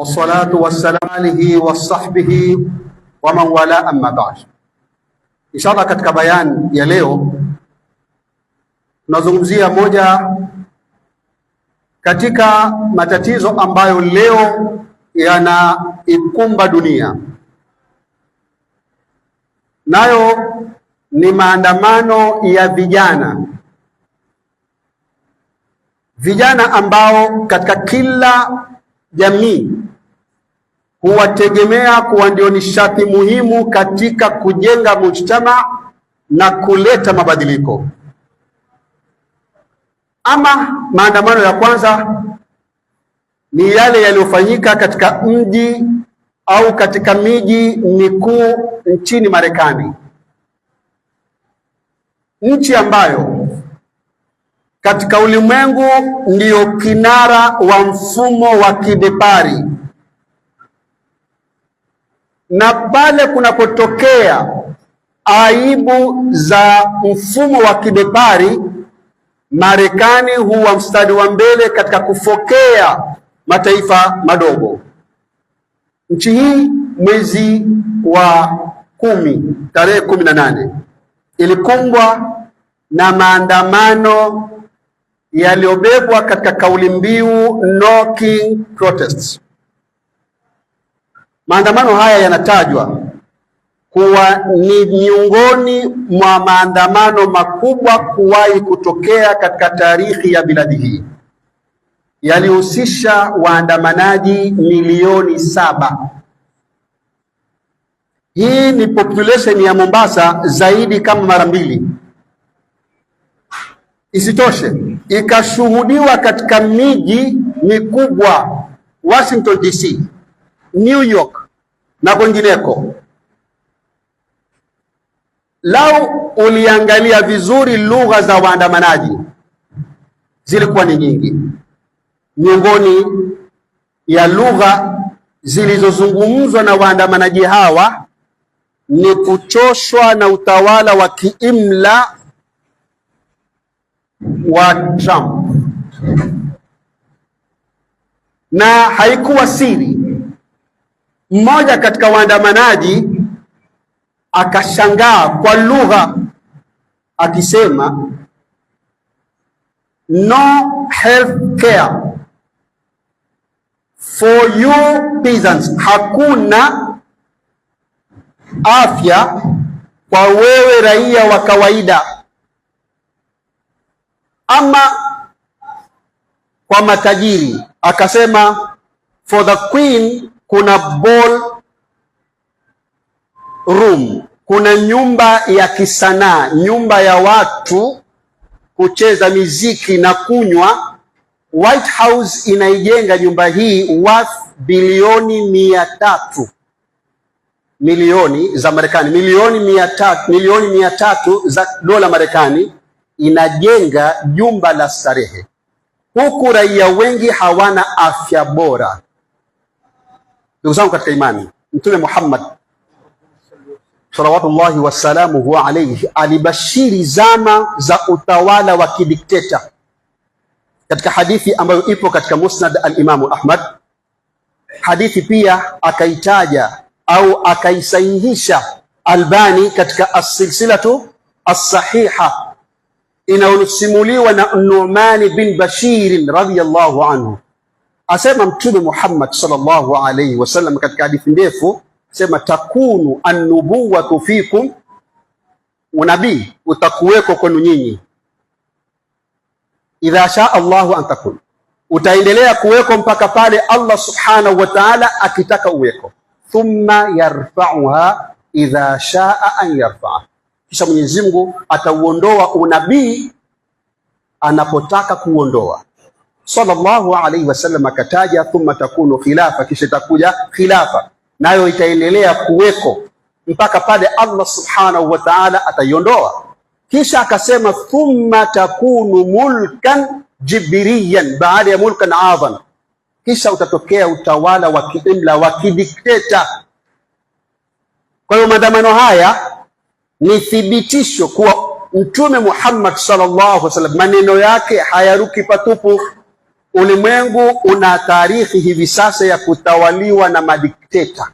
wassalatu wassalamu alihi wasahbihi wa man wala amma ba'd. Inshallah, katika bayan ya leo tunazungumzia moja katika matatizo ambayo leo yanaikumba dunia, nayo ni maandamano ya vijana vijana ambao katika kila jamii huwategemea kuwa ndio nishati muhimu katika kujenga mujtama na kuleta mabadiliko. Ama maandamano ya kwanza ni yale yaliyofanyika katika mji au katika miji mikuu nchini Marekani, nchi ambayo katika ulimwengu ndiyo kinara wa mfumo wa kibepari na pale kunapotokea aibu za mfumo wa kibepari, Marekani huwa mstari wa mbele katika kufokea mataifa madogo. Nchi hii mwezi wa kumi tarehe kumi na nane ilikumbwa na maandamano yaliyobebwa katika kauli mbiu no king protests Maandamano haya yanatajwa kuwa ni miongoni mwa maandamano makubwa kuwahi kutokea katika taarikhi ya biladi hii. Yalihusisha waandamanaji milioni saba. Hii ni population ya Mombasa zaidi kama mara mbili. Isitoshe, ikashuhudiwa katika miji mikubwa Washington DC New York na kwengineko. Lau uliangalia vizuri, lugha za waandamanaji zilikuwa ni nyingi. Miongoni ya lugha zilizozungumzwa na waandamanaji hawa ni kuchoshwa na utawala wa kiimla wa Trump, na haikuwa siri mmoja katika waandamanaji akashangaa kwa lugha akisema, no health care for you peasants, hakuna afya kwa wewe raia wa kawaida. Ama kwa matajiri akasema, for the queen kuna ball room, kuna nyumba ya kisanaa, nyumba ya watu kucheza miziki na kunywa. White House inaijenga nyumba hii worth bilioni mia tatu milioni za Marekani, milioni mia tatu milioni mia tatu za dola Marekani, inajenga jumba la starehe, huku raia wengi hawana afya bora. Ndugu zangu katika imani, Mtume Muhammad salawatullahi wasalamuhu alaihi alibashiri zama za utawala wa kidikteta katika hadithi ambayo ipo katika Musnad al Ahmad. Hadithi pia akaitaja au akaisahihisha Albani katika as-silsilatu as-sahiha inayosimuliwa na Nu'man bin Bashir radhiyallahu anhu Asema Mtume Muhammad sallallahu alayhi wasallam katika hadithi ndefu, asema takunu annubuwatu fikum, unabii utakuweko kwenu nyinyi. Idha shaa Allahu an takun, utaendelea kuweko mpaka pale Allah subhanahu wa ta'ala akitaka uweko. Thumma yarfauha idha shaa an yarfaa, kisha Mwenyezi Mungu atauondoa unabii anapotaka kuondoa sallallahu alaihi wasallam akataja, thumma takunu khilafa, kisha itakuja khilafa, nayo itaendelea kuweko mpaka pale Allah subhanahu wa ta'ala ataiondoa. Kisha akasema thumma takunu mulkan jibriyan, baada ya mulkan adhan, kisha utatokea utawala wa kiimla wa kidikteta. Kwa hiyo maandamano haya ni thibitisho kuwa Mtume Muhammad sallallahu alaihi wasallam maneno yake hayaruki patupu. Ulimwengu una taarikhi hivi sasa ya kutawaliwa na madikteta,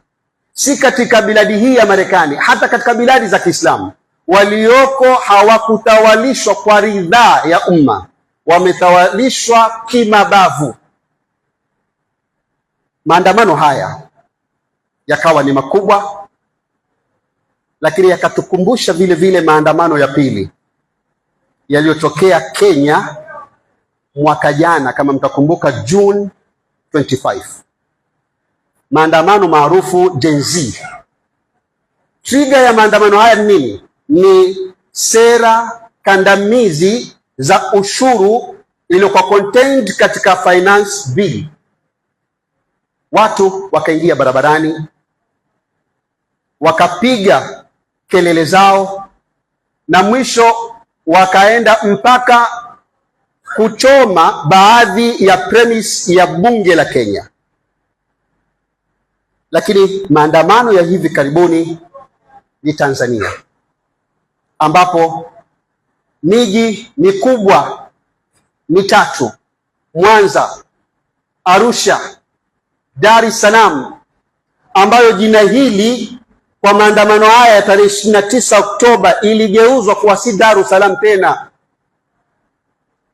si katika biladi hii ya Marekani, hata katika biladi za Kiislamu walioko hawakutawalishwa kwa ridhaa ya umma, wametawalishwa kimabavu. Maandamano haya yakawa ni makubwa, lakini yakatukumbusha vile vile maandamano ya pili yaliyotokea Kenya mwaka jana, kama mtakumbuka, June 25 maandamano maarufu Gen Z. Trigger ya maandamano haya ni nini? Ni sera kandamizi za ushuru iliyokuwa contained katika finance bill. Watu wakaingia barabarani wakapiga kelele zao na mwisho wakaenda mpaka kuchoma baadhi ya premise ya bunge la Kenya, lakini maandamano ya hivi karibuni ni Tanzania, ambapo miji mikubwa mitatu Mwanza, Arusha, Dar es Salaam ambayo jina hili kwa maandamano haya ya tarehe 29 Oktoba iligeuzwa kuwa si Dar es Salaam tena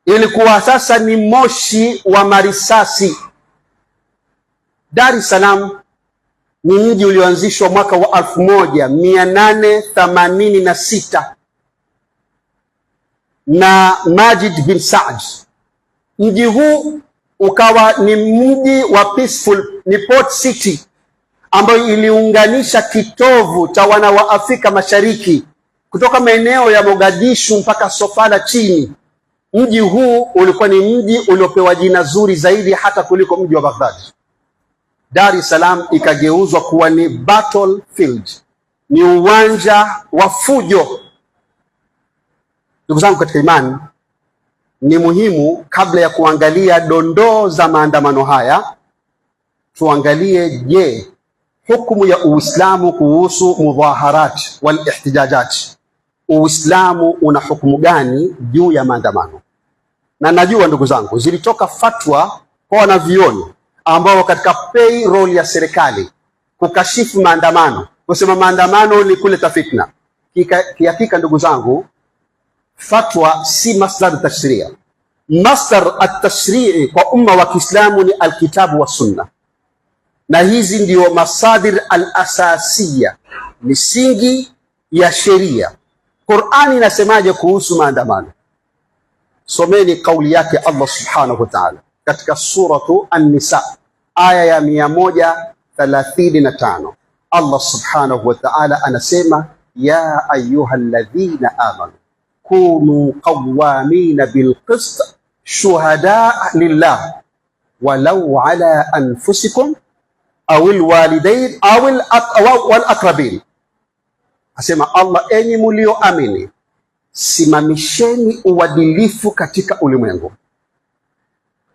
ilikuwa sasa ni moshi wa marisasi. Dar es Salaam ni mji ulioanzishwa mwaka wa 1886 moja na sita na Majid bin Saad. Mji huu ukawa ni mji wa peaceful, ni port city ambayo iliunganisha kitovu cha wana wa Afrika Mashariki kutoka maeneo ya Mogadishu mpaka Sofala chini Mji huu ulikuwa ni mji uliopewa jina zuri zaidi hata kuliko mji wa Baghdad. Dar es Salaam ikageuzwa kuwa ni field, ni uwanja wa fujo. Ndugu zangu katika imani, ni muhimu kabla ya kuangalia dondoo za maandamano haya tuangalie, je, hukumu ya Uislamu kuhusu mudhaharat wal ihtijajat Uislamu una hukumu gani juu ya maandamano? na najua ndugu zangu, zilitoka fatwa kwa wanavioni ambao katika payroll ya serikali kukashifu maandamano, kusema maandamano ni kuleta fitna. Kihakika ndugu zangu, fatwa si masdar tashria. Masdar atashrii kwa umma wa Kiislamu ni alkitabu wa sunna, na hizi ndio masadir alasasiya, misingi ya sheria. Qurani inasemaje kuhusu maandamano? Someni kauli yake Allah subhanahu wa ta'ala katika suratu An-Nisa aya ya mia moja na tano Allah subhanahu wa ta'ala anasema ya ayuha alladhina amanu kunu qawamina bilqist shuhadaa lillah walau ala anfusikum au lwalidain au wal asema Allah, enyi mulioamini simamisheni uadilifu katika ulimwengu,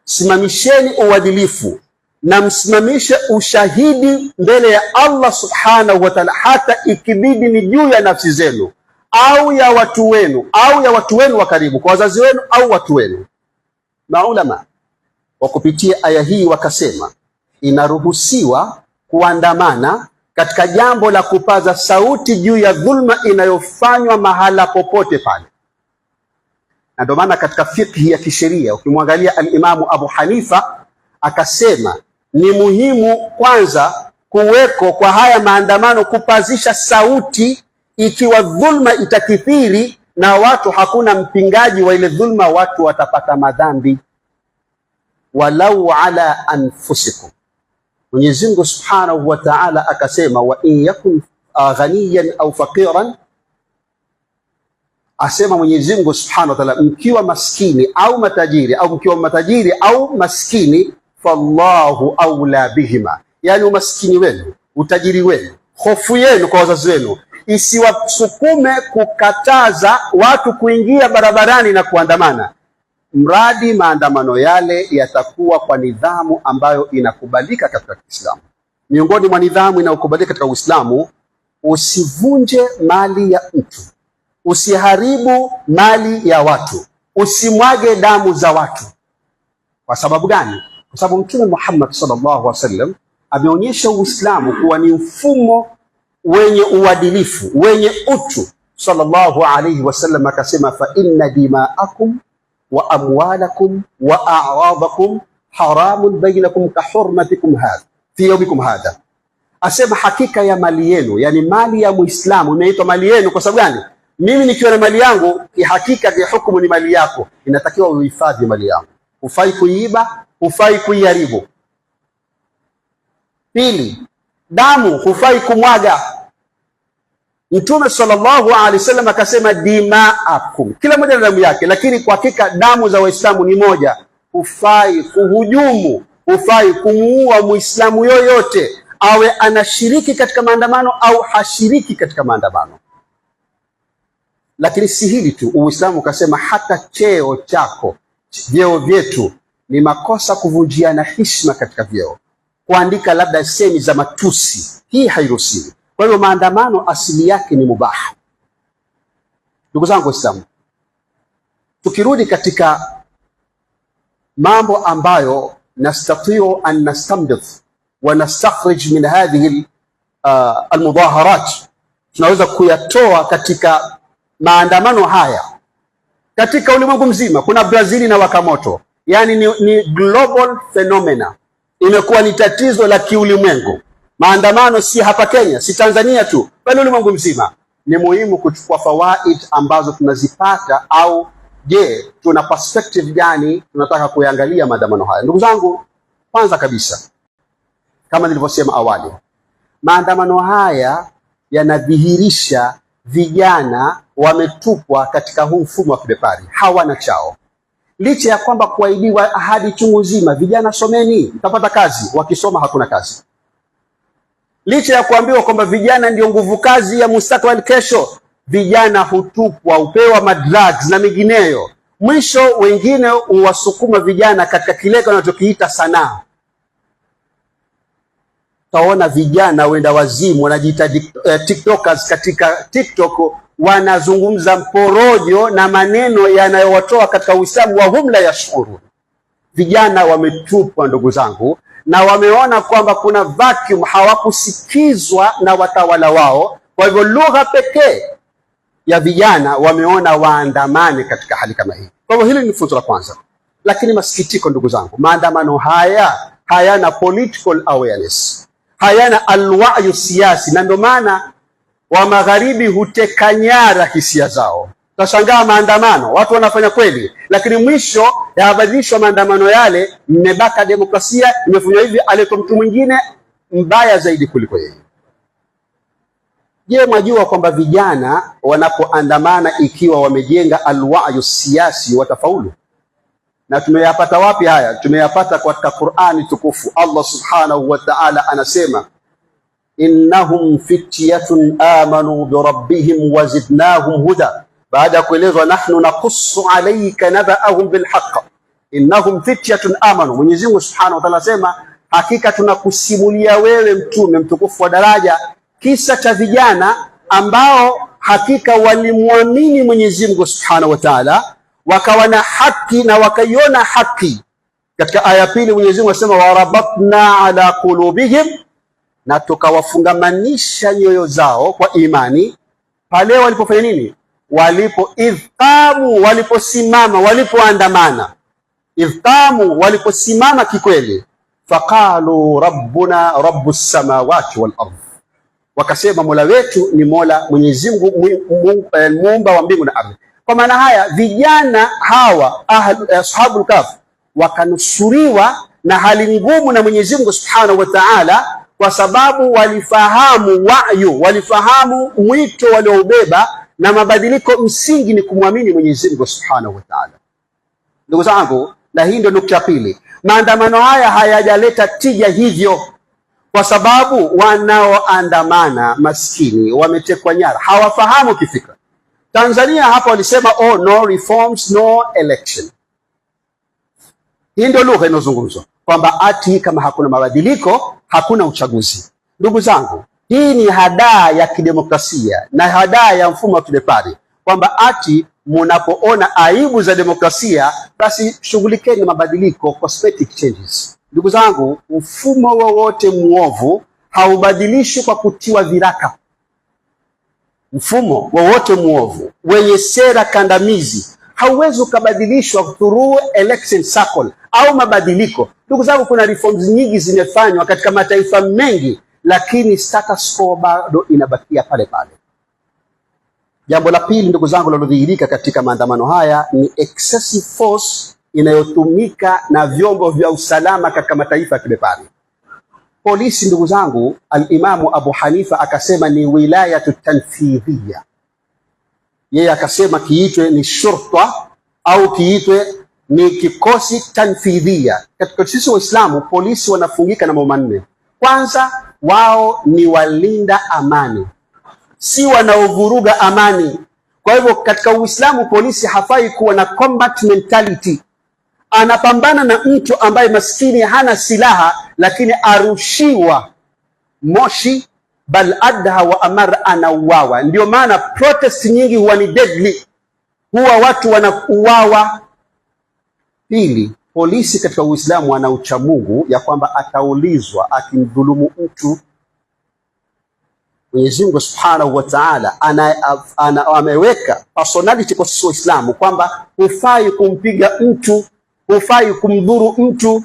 simamisheni uadilifu na msimamishe ushahidi mbele ya Allah subhanahu wa ta'ala, hata ikibidi ni juu ya nafsi zenu au ya watu wenu au ya watu wenu wa karibu, kwa wazazi wenu au watu wenu. Maulama wa kupitia aya hii wakasema inaruhusiwa kuandamana katika jambo la kupaza sauti juu ya dhulma inayofanywa mahala popote pale. Na ndio maana katika fikhi ya kisheria ukimwangalia Alimamu Abu Hanifa akasema ni muhimu kwanza kuweko kwa haya maandamano kupazisha sauti, ikiwa dhulma itakithiri na watu hakuna mpingaji wa ile dhulma, watu watapata madhambi walau ala anfusikum Mwenyezi Mungu Subhanahu wa Ta'ala akasema, wa in yakun uh, ghaniyan au faqiran, asema Mwenyezi Mungu Subhanahu wa Ta'ala, mkiwa maskini au matajiri au mkiwa matajiri au maskini, fallahu aula bihima, yani umaskini wenu, utajiri wenu, hofu yenu kwa wazazi wenu isiwasukume kukataza watu kuingia barabarani na kuandamana mradi maandamano yale yatakuwa kwa nidhamu ambayo inakubalika katika Kiislamu. Miongoni mwa nidhamu inayokubalika katika Uislamu, usivunje mali ya mtu, usiharibu mali ya watu, usimwage damu za watu. Kwa sababu gani? Kwa sababu Mtume Muhammad sallallahu alaihi wasallam ameonyesha Uislamu kuwa ni mfumo wenye uadilifu wenye utu. Sallallahu alaihi wasallam akasema, fa inna dimaakum wa amwalakum wa a'radakum haramun bainakum ka hurmatikum hadha fi yawmikum hadha, asema hakika ya mali yenu, yani mali ya Muislamu imeitwa mali yenu kwa sababu gani? Mimi nikiwa na mali yangu kihakika, hukumu ni mali yako, inatakiwa uhifadhi mali yangu, hufai kuiiba, hufai kuiharibu. Pili, damu hufai kumwaga Mtume sallallahu alaihi wasallam akasema dimaakum, kila mmoja na damu yake, lakini kwa hakika damu za Waislamu ni moja. Hufai kuhujumu, hufai kumuua Muislamu yoyote, awe anashiriki katika maandamano au hashiriki katika maandamano. Lakini si hili tu, Uislamu ukasema hata cheo chako, vyeo vyetu ni makosa kuvunjiana heshima katika vyeo, kuandika labda semi za matusi, hii hairuhusiwi. Kwa hiyo maandamano asili yake ni mubaha. Ndugu zangu Waislamu, tukirudi katika mambo ambayo nastatiu an nastambit wa nastakhrij min hadhihi uh, almudhaharat, tunaweza kuyatoa katika maandamano haya katika ulimwengu mzima. Kuna Brazili na wakamoto, yani ni, ni global phenomena, imekuwa ni tatizo la kiulimwengu. Maandamano si hapa Kenya, si Tanzania tu, bali ulimwengu mzima. Ni muhimu kuchukua fawaid ambazo tunazipata au je, tuna perspective gani tunataka kuyaangalia maandamano haya? Ndugu zangu, kwanza kabisa, kama nilivyosema awali, maandamano haya yanadhihirisha vijana wametupwa katika huu mfumo wa kibepari, hawana chao, licha ya kwamba kuahidiwa ahadi chungu zima, vijana someni mtapata kazi, wakisoma hakuna kazi licha ya kuambiwa kwamba vijana ndio nguvu kazi ya mustakbal kesho, vijana hutupwa, upewa madrugs na mingineyo. Mwisho wengine huwasukuma vijana katika kile wanachokiita sanaa. Utaona vijana wenda wazimu wanajiita eh, tiktokers katika TikTok, wanazungumza mporojo na maneno yanayowatoa katika Uislamu wa humla ya shukuru Vijana wametupwa, ndugu zangu na wameona kwamba kuna vacuum, hawakusikizwa na watawala wao. Kwa hivyo lugha pekee ya vijana wameona waandamane katika hali kama hii. Kwa hivyo hili ni funzo la kwanza, lakini masikitiko, ndugu zangu, maandamano haya hayana political awareness, hayana alwayu siasi, na ndio maana wa magharibi huteka nyara hisia zao. Tashangaa maandamano watu wanafanya kweli, lakini mwisho yabadilishwa maandamano yale, mmebaka demokrasia imefanywa hivi, aliko mtu mwingine mbaya zaidi kuliko yeye. Je, mwajua kwamba vijana wanapoandamana ikiwa wamejenga alwayu siasi watafaulu? Na tumeyapata wapi haya? Tumeyapata katika Qur'ani tukufu. Allah subhanahu wa ta'ala anasema innahum fityatun amanu birabbihim wazidnahum huda baada ya kuelezwa nahnu nakussu alaika nabahum bilhaq innahum fityatun amanu. Mwenyezi Mungu Subhanahu wa Ta'ala asema hakika tunakusimulia wewe mtume mtukufu wa daraja kisa cha vijana ambao hakika walimwamini Mwenyezi Mungu Subhanahu wa Ta'ala wakawa na haki na wakaiona haki. Katika aya pili Mwenyezi Mungu asema warabatna ala qulubihim, na tukawafungamanisha nyoyo zao kwa imani pale walipofanya nini walipo idhqamu, waliposimama, walipoandamana, idhqamu, waliposimama kikweli, faqalu rabbuna rabbu samawati wal ardh, wakasema mola wetu ni mola Mwenyezi Mungu eh, muumba wa mbingu na ardhi. Kwa maana haya vijana hawa eh, ashabul kaf wakanusuriwa na hali ngumu na Mwenyezi Mungu Subhanahu wa Ta'ala, kwa sababu walifahamu wayu, walifahamu mwito walioubeba na mabadiliko msingi ni kumwamini Mwenyezi Mungu Subhanahu wa Ta'ala. Ndugu zangu, na hii ndio nukta pili. Maandamano haya hayajaleta tija hivyo, kwa sababu wanaoandamana maskini wametekwa nyara, hawafahamu kifikra. Tanzania hapa walisema oh, no reforms, no election. Hii ndio lugha inayozungumzwa kwamba ati kama hakuna mabadiliko hakuna uchaguzi. Ndugu zangu, hii ni hadaa ya kidemokrasia na hadaa ya mfumo wa kibepari, kwamba ati munapoona aibu za demokrasia basi shughulikeni na mabadiliko, cosmetic changes. Ndugu zangu, mfumo wowote muovu haubadilishwi kwa kutiwa viraka. Mfumo wowote muovu wenye sera kandamizi hauwezi ukabadilishwa through election cycle au mabadiliko. Ndugu zangu, kuna reforms nyingi zimefanywa katika mataifa mengi lakini status quo bado inabakia pale pale. Jambo la pili, ndugu zangu, linalodhihirika katika maandamano haya ni excessive force inayotumika na vyombo vya usalama katika mataifa ya kibepari. Polisi, ndugu zangu, Alimamu Abu Hanifa akasema ni wilaya tutanfidhia, yeye akasema kiitwe ni shurta au kiitwe ni kikosi tanfidhia. Katika sisi Waislamu, polisi wanafungika na mambo manne. Kwanza wao ni walinda amani, si wanaovuruga amani. Kwa hivyo katika Uislamu polisi hafai kuwa na combat mentality. Anapambana na mtu ambaye maskini hana silaha, lakini arushiwa moshi, bal adha wa amar anauawa. Ndio maana protest nyingi huwa ni deadly, huwa watu wanauawa. Pili, Polisi katika Uislamu ana uchamungu ya kwamba ataulizwa akimdhulumu mtu. Mwenyezi Mungu Subhanahu wa Ta'ala ana ameweka personality kwa sisi Waislamu kwamba hufai kumpiga mtu, hufai kumdhuru mtu,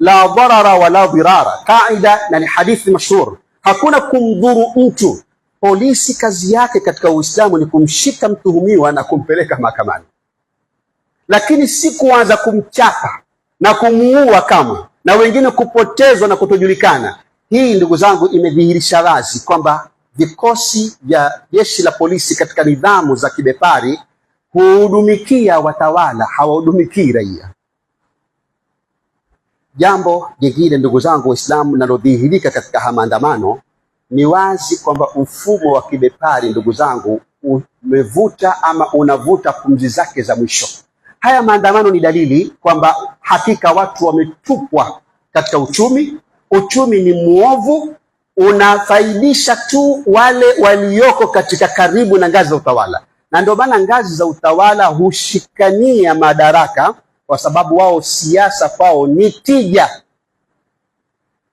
la dharara wala dhirara, kaida na ni hadithi mashhur, hakuna kumdhuru mtu. Polisi kazi yake katika Uislamu ni kumshika mtuhumiwa na kumpeleka mahakamani lakini si kuanza kumchapa na kumuua kamwe, na wengine kupotezwa na kutojulikana. Hii ndugu zangu, imedhihirisha wazi kwamba vikosi vya jeshi la polisi katika nidhamu za kibepari huhudumikia watawala, hawahudumikii raia. Jambo jingine ndugu zangu Waislamu linalodhihirika katika haya maandamano ni wazi kwamba mfumo wa kibepari ndugu zangu umevuta ama unavuta pumzi zake za mwisho. Haya maandamano ni dalili kwamba hakika watu wametupwa katika uchumi. Uchumi ni mwovu, unafaidisha tu wale walioko katika karibu na ngazi za utawala, na ndio maana ngazi za utawala hushikania madaraka, kwa sababu wao siasa kwao ni tija,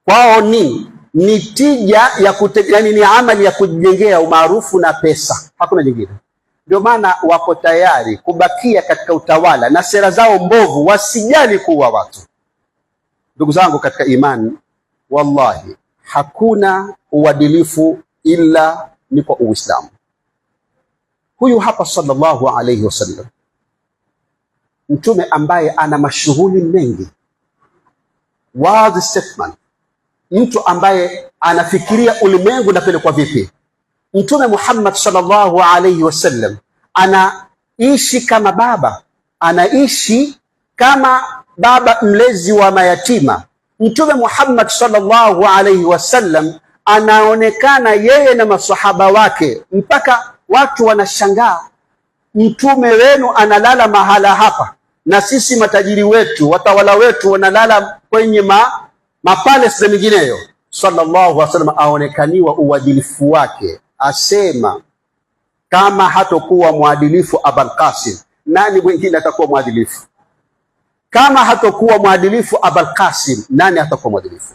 kwao ni ni tija ya kute, yani ni amali ya kujengea umaarufu na pesa, hakuna jingine. Ndio maana wako tayari kubakia katika utawala na sera zao mbovu, wasijali kuwa watu. Ndugu zangu katika imani, wallahi hakuna uadilifu ila ni kwa Uislamu. Huyu hapa sallallahu alayhi wasallam, mtume ambaye ana mashughuli mengi, wazi statement, mtu ambaye anafikiria ulimwengu napelekwa vipi Mtume Muhammad sallallahu alaihi wasallam anaishi kama baba, anaishi kama baba mlezi wa mayatima. Mtume Muhammad sallallahu alaihi wasallam anaonekana yeye na masahaba wake, mpaka watu wanashangaa, mtume wenu analala mahala hapa, na sisi matajiri wetu watawala wetu wanalala kwenye ma mapalesi mingineyo. Sallallahu alaihi wasallam aonekaniwa uadilifu wake asema kama hatokuwa mwadilifu Abul Qasim, nani mwingine atakuwa mwadilifu? Kama hatokuwa mwadilifu Abul Qasim, nani atakuwa mwadilifu?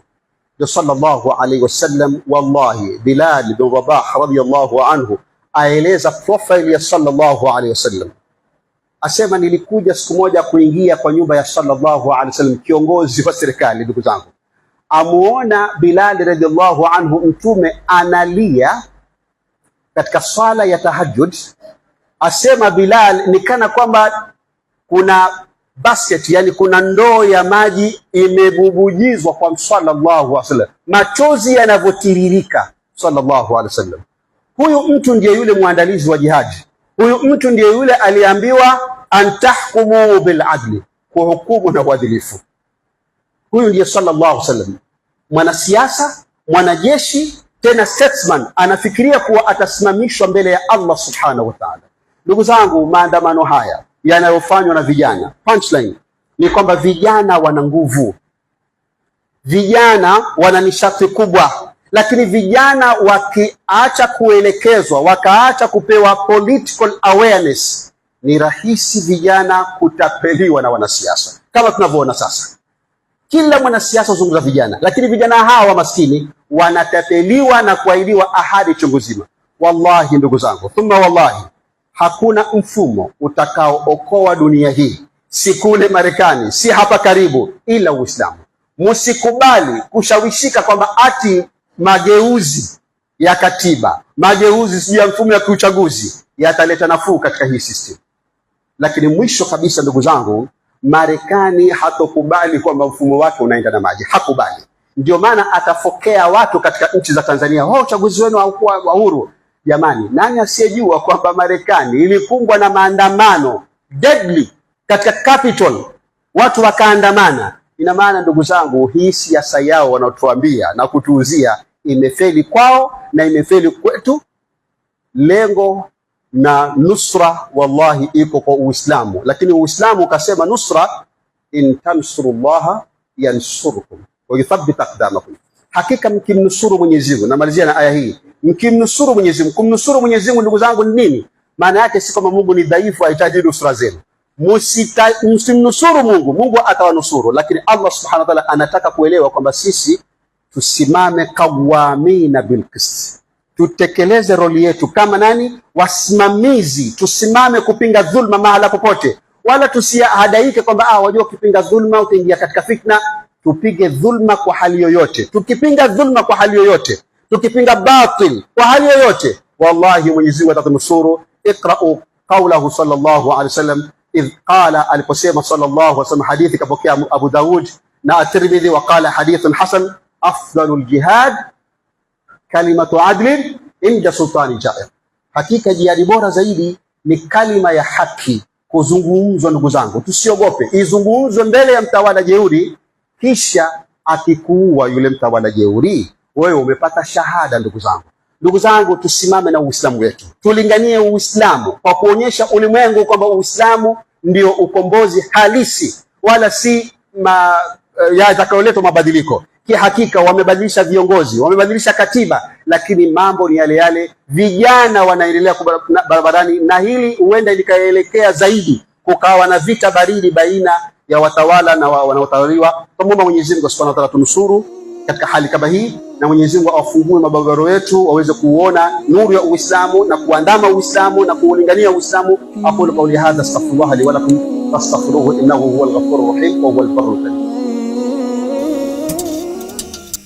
Ndio sallallahu alaihi wasallam. Wallahi, Bilal bin Rabah radhiyallahu anhu aeleza profile ya sallallahu alaihi wasallam, asema nilikuja siku moja kuingia kwa nyumba ya sallallahu alaihi wasallam, kiongozi wa serikali. Ndugu zangu, amuona Bilal radhiyallahu anhu, mtume analia katika swala ya tahajjud, asema Bilal ni kana kwamba kuna basket, yani kuna ndoo ya maji imebubujizwa kwa sallallahu alaihi wasallam, machozi yanavyotiririka sallallahu alaihi wasallam. Huyu mtu ndiye yule mwandalizi wa jihadi, huyu mtu ndiye yule aliambiwa antahkumu biladli, kuhukumu na uadilifu. Huyu ndiye sallallahu alaihi wasallam, mwanasiasa, mwanajeshi tena statesman anafikiria kuwa atasimamishwa mbele ya Allah subhanahu wa ta'ala. Ndugu zangu, maandamano haya yanayofanywa na vijana, punchline ni kwamba vijana wana nguvu, vijana wana nishati kubwa, lakini vijana wakiacha kuelekezwa, wakaacha kupewa political awareness, ni rahisi vijana kutapeliwa na wanasiasa, kama tunavyoona sasa. Kila mwanasiasa huzungumza vijana, lakini vijana hawa maskini wanatapeliwa na kuahidiwa ahadi chungu zima. Wallahi ndugu zangu, thumma wallahi, hakuna mfumo utakaookoa dunia hii, si kule Marekani, si hapa karibu, ila Uislamu. Musikubali kushawishika kwamba ati mageuzi ya katiba, mageuzi sijui ya mfumo ya kiuchaguzi yataleta nafuu katika hii system. Lakini mwisho kabisa, ndugu zangu, Marekani hatokubali kwamba mfumo wake unaenda na maji, hakubali. Ndio maana atafokea watu katika nchi za Tanzania, oh, uchaguzi wenu haukuwa wa huru. Jamani, nani asiyejua kwamba Marekani ilikumbwa na maandamano deadly katika Capitol, watu wakaandamana. Ina maana ndugu zangu, hii siasa yao wanaotuambia na kutuuzia imefeli kwao na imefeli kwetu. Lengo na nusra, wallahi, iko kwa Uislamu, lakini Uislamu ukasema nusra, in tansurullaha yansurkum wa yuthabbit aqdamakum, hakika mkimnusuru Mwenyezi Mungu. Namalizia na aya hii, mkimnusuru Mwenyezi Mungu. Kumnusuru Mwenyezi Mungu, ndugu zangu, ni nini maana yake? Si kwamba Mungu ni dhaifu, hahitaji nusura zenu. Msimnusuru Mungu, Mungu atawanusuru. Lakini Allah subhanahu wa ta'ala anataka kuelewa kwamba sisi tusimame qawamina bilqisti tutekeleze roli yetu kama nani? Wasimamizi. Tusimame kupinga dhulma mahala popote, wala tusihadaike kwamba ah, wajua ukipinga dhulma utaingia katika fitna tupige dhulma kwa hali yoyote. Tukipinga dhulma kwa hali yoyote, tukipinga batil kwa hali yoyote, wallahi Mwenyezi Mungu atakunusuru. Iqra'u qawlahu sallallahu alaihi wasallam idh qala, aliposema sallallahu alaihi wasallam, hadithi kapokea Abu Daud na At-Tirmidhi, qala hadithun hasan, afdalul jihad kalimatu adlin inda sultani jair, hakika jihadi bora zaidi ni kalima ya haki kuzungumzwa. Ndugu zangu, tusiogope izungumzwe mbele ya mtawala jeuri kisha akikuua yule mtawala jeuri, wewe umepata shahada. Ndugu zangu, ndugu zangu, tusimame na Uislamu wetu, tulinganie Uislamu kwa kuonyesha ulimwengu kwamba Uislamu ndio ukombozi halisi, wala si ma, eh, yatakayoletwa mabadiliko. Kihakika wamebadilisha viongozi, wamebadilisha katiba, lakini mambo ni yale yale, vijana wanaendelea barabarani, na hili huenda likaelekea zaidi kukawa na vita baridi baina ya watawala na wanaotawaliwa. Tumwomba Mwenyezi Mungu Subhanahu wa Ta'ala tunusuru katika hali kama hii, na Mwenyezi Mungu awafungue mababaro yetu waweze kuona nuru ya Uislamu na kuandama Uislamu na kuulingania Uislamu. Aqulu qawli hadha astaghfirullah li wa lakum fastaghfiruhu innahu huwal ghafurur rahim wa huwal barrul karim.